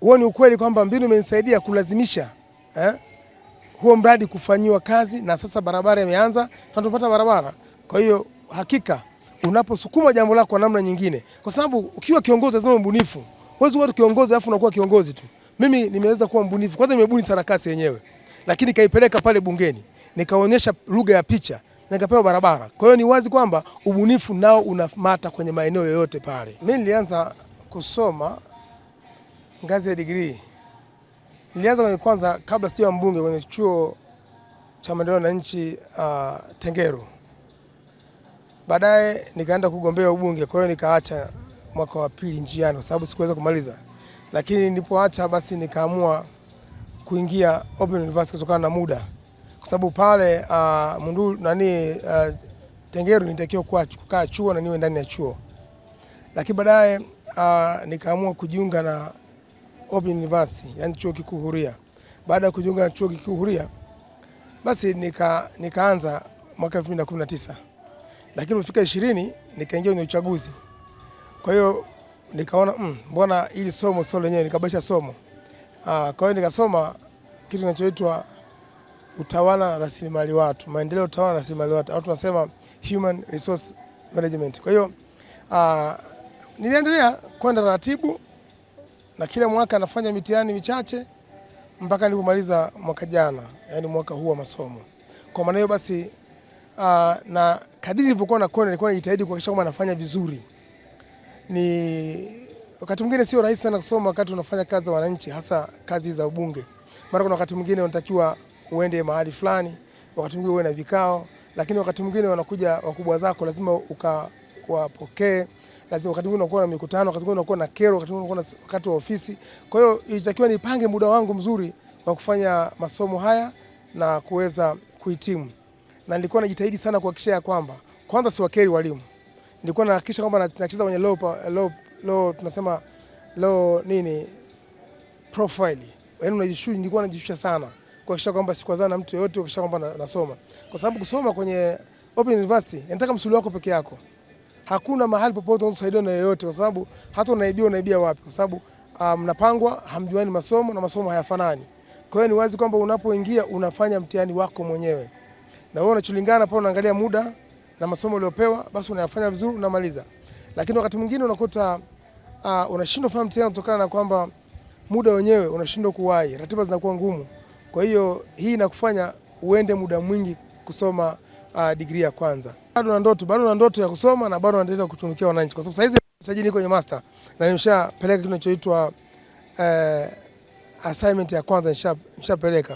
huo ni ukweli kwamba mbinu imenisaidia kulazimisha eh, huo mradi kufanyiwa kazi na sasa barabara imeanza na tupata barabara. Kwa hiyo hakika unaposukuma jambo lako kwa namna nyingine, kwa sababu ukiwa kiongozi lazima mbunifu. Wewe wewe kiongozi alafu unakuwa kiongozi tu. Mimi nimeweza kuwa mbunifu. Kwanza nimebuni sarakasi yenyewe, lakini kaipeleka pale bungeni, nikaonyesha lugha ya picha, nikapewa barabara. Kwa hiyo ni wazi kwamba ubunifu nao unamata kwenye maeneo yoyote pale. Mimi nilianza kusoma ngazi ya degree. Nilianza kwenye kwanza kabla sijawa mbunge kwenye chuo cha maendeleo ya nchi uh, Tengeru. Baadaye nikaenda kugombea ubunge, kwa hiyo nikaacha mwaka wa pili njiani kwa sababu sikuweza kumaliza. Lakini nilipoacha basi nikaamua kuingia Open University kutokana na muda. Kwa sababu pale uh, mundu nani uh, Tengeru nitakiwa kukaa chuo na niwe ndani ya chuo. Lakini baadaye uh, nikaamua kujiunga na Open University, yani chuo kikuu huria. Baada ya kujiunga na chuo kikuu huria, basi nika, nikaanza mwaka 2019. Lakini ufika 20 nikaingia kwenye uchaguzi. Kwa hiyo nikaona mm, mbona ili somo sio lenyewe, nikabasha somo. Ah, kwa hiyo nikasoma kitu kinachoitwa utawala na rasilimali watu, maendeleo utawala na rasilimali watu, au tunasema human resource management. Kwa hiyo uh, niliendelea kwenda taratibu na kila mwaka nafanya mitihani michache mpaka nilipomaliza mwaka jana, yani mwaka huu wa masomo. Kwa maana hiyo basi uh, na kadiri nilivyokuwa nakwenda nilikuwa najitahidi kuhakikisha kwamba nafanya vizuri. Ni wakati mwingine sio rahisi sana kusoma wakati unafanya kazi za wananchi, hasa kazi za ubunge. Mara kuna wakati mwingine unatakiwa uende mahali fulani, wakati mwingine uwe na vikao, lakini wakati mwingine wanakuja wakubwa zako, lazima ukawapokee lazima, wakati mwingine unakuwa na mikutano, wakati mwingine unakuwa na kero, wakati mwingine unakuwa na wakati wa ofisi. Kwa hiyo ilitakiwa nipange muda wangu mzuri wa kufanya masomo haya na kuweza kuhitimu, na nilikuwa najitahidi sana kuhakikisha ya kwamba kwanza siwakeri walimu, nilikuwa nahakikisha kwamba nacheza kwenye low, low, low, tunasema low nini profile, yaani unajishusha. Nilikuwa najishusha sana kuhakikisha kwamba sikwazana na mtu yeyote, kuhakikisha kwamba nasoma, kwa sababu kusoma kwenye Open University inataka msuli wako peke yako hakuna mahali popote unasaidiwa na yeyote, kwa sababu hata unaibia unaibia wapi? Kwa sababu ah, mnapangwa, um, hamjuani masomo na masomo hayafanani. Kwa hiyo ni wazi kwamba unapoingia unafanya mtihani wako mwenyewe, na wewe unachulingana pale, unaangalia muda na masomo uliopewa, basi unayafanya vizuri, unamaliza. Lakini wakati mwingine unakuta uh, unashindwa kufanya mtihani kutokana na kwamba muda wenyewe unashindwa kuwahi, ratiba zinakuwa ngumu. Kwa hiyo hii inakufanya uende muda mwingi kusoma uh, ah, digrii ya kwanza. Bado na ndoto, bado na ndoto ya kusoma na bado naendelea kutumikia wananchi, kwa sababu sasa hizi sajili niko kwenye master na nimeshapeleka kitu kinachoitwa eh, assignment ya kwanza nishapeleka.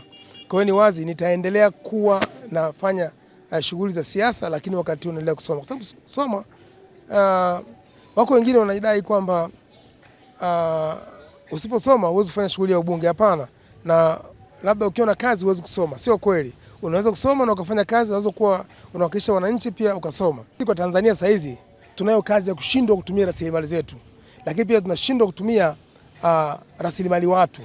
Kwa hiyo ni wazi nitaendelea kuwa nafanya eh, shughuli za siasa, lakini wakati unaendelea kusoma, kwa sababu kusoma uh, wako wengine wanadai kwamba uh, usiposoma huwezi kufanya shughuli ya ubunge. Hapana, na labda ukiona kazi huwezi kusoma, sio kweli unaweza kusoma na ukafanya kazi unaweza kuwa unawakilisha wananchi, pia ukasoma. Kwa Tanzania sasa hizi tunayo kazi ya kushindwa kutumia rasilimali zetu, lakini pia tunashindwa kutumia uh, rasilimali watu,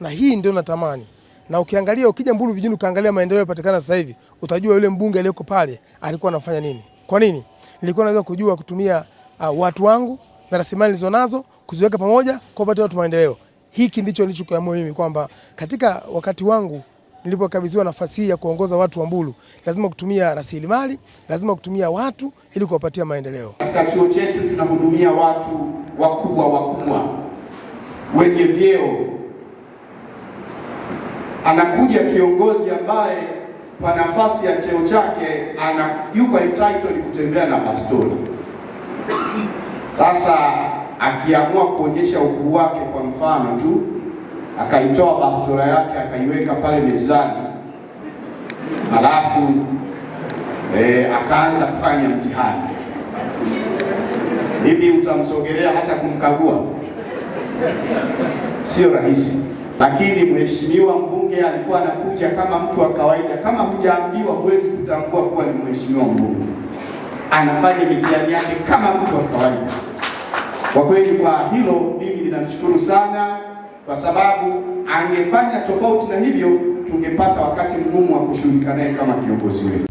na hii ndio natamani na ukiangalia ukija Mbulu vijijini ukaangalia maendeleo yanayopatikana sasa hivi utajua yule mbunge aliyeko pale alikuwa anafanya nini. Kwa nini? Nilikuwa naweza kujua kutumia uh, watu wangu na rasilimali nilizo nazo kuziweka pamoja kwa upate watu maendeleo. Hiki ndicho nilichokuamua mimi kwamba katika wakati wangu nilipokabidhiwa nafasi hii ya kuongoza watu wa Mbulu, lazima kutumia rasilimali, lazima kutumia watu ili kuwapatia maendeleo. Katika chuo chetu tunahudumia watu wakubwa wakubwa wenye vyeo. Anakuja kiongozi ambaye kwa nafasi ya cheo chake ana yuko entitled kutembea na bastoni. Sasa akiamua kuonyesha ukuu wake, kwa mfano tu akaitoa bastola yake akaiweka pale mezani, halafu e, akaanza kufanya mtihani. Hivi utamsogelea hata kumkagua? Sio rahisi, lakini mheshimiwa mbunge alikuwa anakuja kama mtu wa kawaida. Kama hujaambiwa, huwezi kutambua kuwa ni mheshimiwa mbunge. Anafanya mitihani yake kama mtu wa kawaida. Kwa kweli, kwa hilo mimi ninamshukuru sana kwa sababu angefanya tofauti na hivyo tungepata wakati mgumu wa kushughulika naye kama kiongozi wetu.